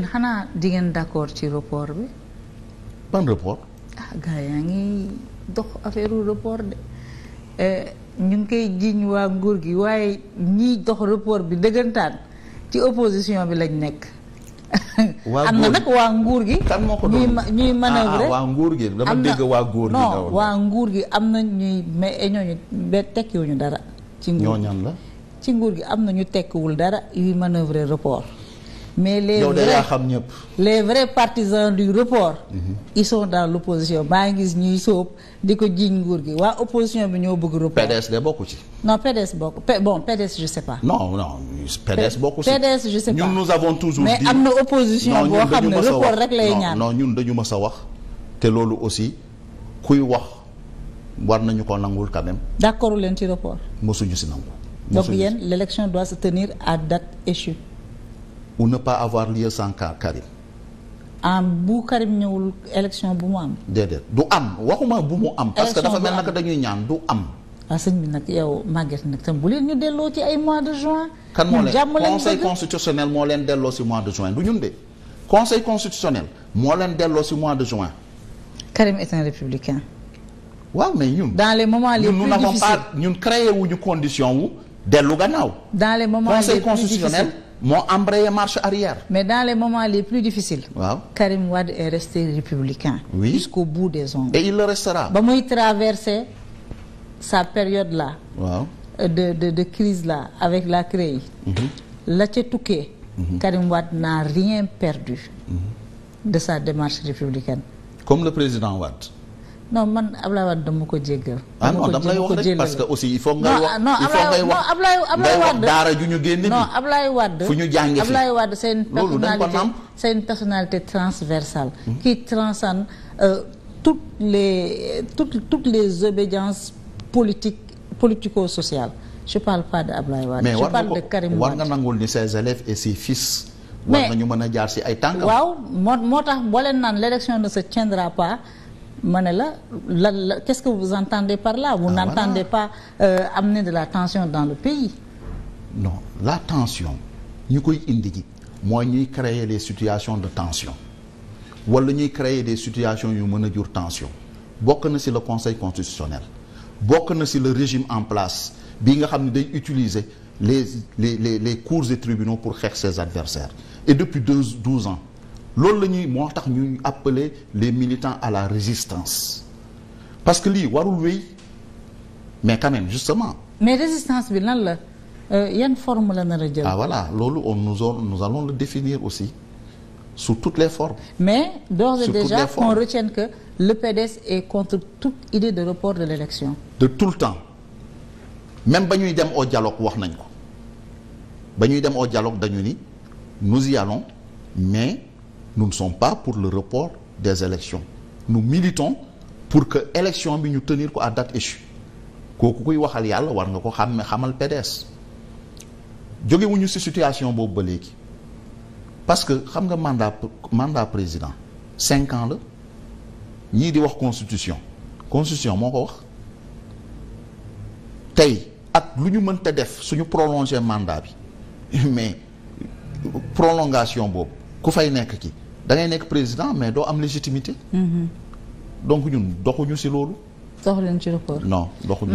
xanaa di ngeen d'accord ci report bi. ban report. ah yaa ngi dox affaire report de eh, ñu ngi koy jiiñ waa nguur gi waaye ñiy dox report bi dëggantaan ci opposition bi lañ nekk. am na nag waa nguur gi. kan moo ko doon ñuy ah, ah, manœuvre waa nguur gi dama dégg waa góor gi. non waa nguur gi am na ñuy mais eh, ñooñu ba tekkiwuñu dara. ci nguur la. ci nguur gi am na ñu tekkiwul dara yuy manœuvre report. mais les yow da yaa xam ñëpp les vrais partisans du report mm -hmm. ils sont dans l'opposition maa ngi gis ñuy sóob di ko jiiñ nguur gi waa opposition bi ñoo bëgg report PDS de bokku ci non PDS bokk bon PDS je sais pas non non PDS bokku ci PDS je sais pas ñun nous avons toujours mais am na opposition boo xam ne report rek lay ñaan non ñun dañu mës a wax te loolu aussi kuy wax war nañu ko nangul quand même d'accord leen ci report mosuñu si nangu donc yéen l'élection doit se tenir à date échue ou ne pas avoir lieu sans Karim. bu Karim ñëwul élection bu mu am. déedéet du am waxuma bu mu am. parce que dafa mel naka dañuy ñaan du am. waaw ah, sëñ bi nag yow màgget nag tam bu leen ñu delloo ci ay mois de juin. kan moo leen conseil moo leen delloo si mois de juin du ñun de. conseil constitutionnel moo leen delloo si mois de juin. Karim est un républicain. waaw mais ñun. dans les moments les plus difficiles ñun wu wuñu condition wu dellu gannaaw. dans les moments plus difficiles moo embrayé marche arrière. mais dans les moments les plus difficiles. waaw Karim Wade est resté républicain. jusqu'au bout des ongles. et il le restera. ba muy traverser sa période là. waaw euh, de de de crise là avec la CREI. Mhm. la ca tukkee. Mhm. Karim Wade n'a rien perdu. Mhm. de sa démarche républicaine. comme le président Wade. non man Ablaye Wade dama ko jéggal. ah non dama lay wax rek parce que aussi il faut ngay wax il faut ngay wax ngay wax daara ju ñu génne. non Ablaye Wade fu ñu jàngi fi Ablaye Wade c'est une une personnalité transversale. Mhm. qui transcende euh, toutes les toutes toutes les obédiences politiques politico-sociales je parle pas de Ablaye Wade. je parle de Karim mais war nga nangul ni ses élèves et ses fils. war nañu mën a jaar ci ay tànkam. ma ne la lan la qu'est-ce que vous entendez par là vous ah, n'entendez voilà. pas euh, amener de la tension dans le pays non la tension ñu koy indi ji mooy ñuy créer les situations de tension wala ñuy créer des situations yu mën a jur tension bokk na si le conseil constitutionnel bokk na si le régime en place bi nga xam ne day utiliser les les les les cours et tribunaux pour xeex ses adversaires et depuis deux douze ans loolu la ñuy moo tax ñuy appeler les militant à la résistance parce que lii warul wéy mais quand même justement. mais résistance bi lan la euh, yan forme la na a jël. ah voilà loolu on nous on nous allons la définir aussi sur toutes les formes. mais d'ores et déjà qu'on que le PDS est contre toute idée de report de l'élection. de tout le temps même ba ñuy dem au dialogue wax nañ ko ba ñuy dem au dañu ni nous y mais. nous ne sommes pour le report des élections nous militons pour que élection bi ñu tenir ko à date échue kooku kuy waxal yàlla war nga ko xam ne xamal PDS jógewuñu ci situation boobu ba léegi parce que xam nga mandat mandat président cinq ans la ñii di wax constitution constitution moo ko wax tey ak lu ñu mënta def suñu prolonger mandat bi mais prolongation boobu ku fay nekk ki da ngay nekk président mais doo am légitimité. Mm-hmm. donc ñun doxuñu ci loolu. doxuñu ci loolu. non doxuñu.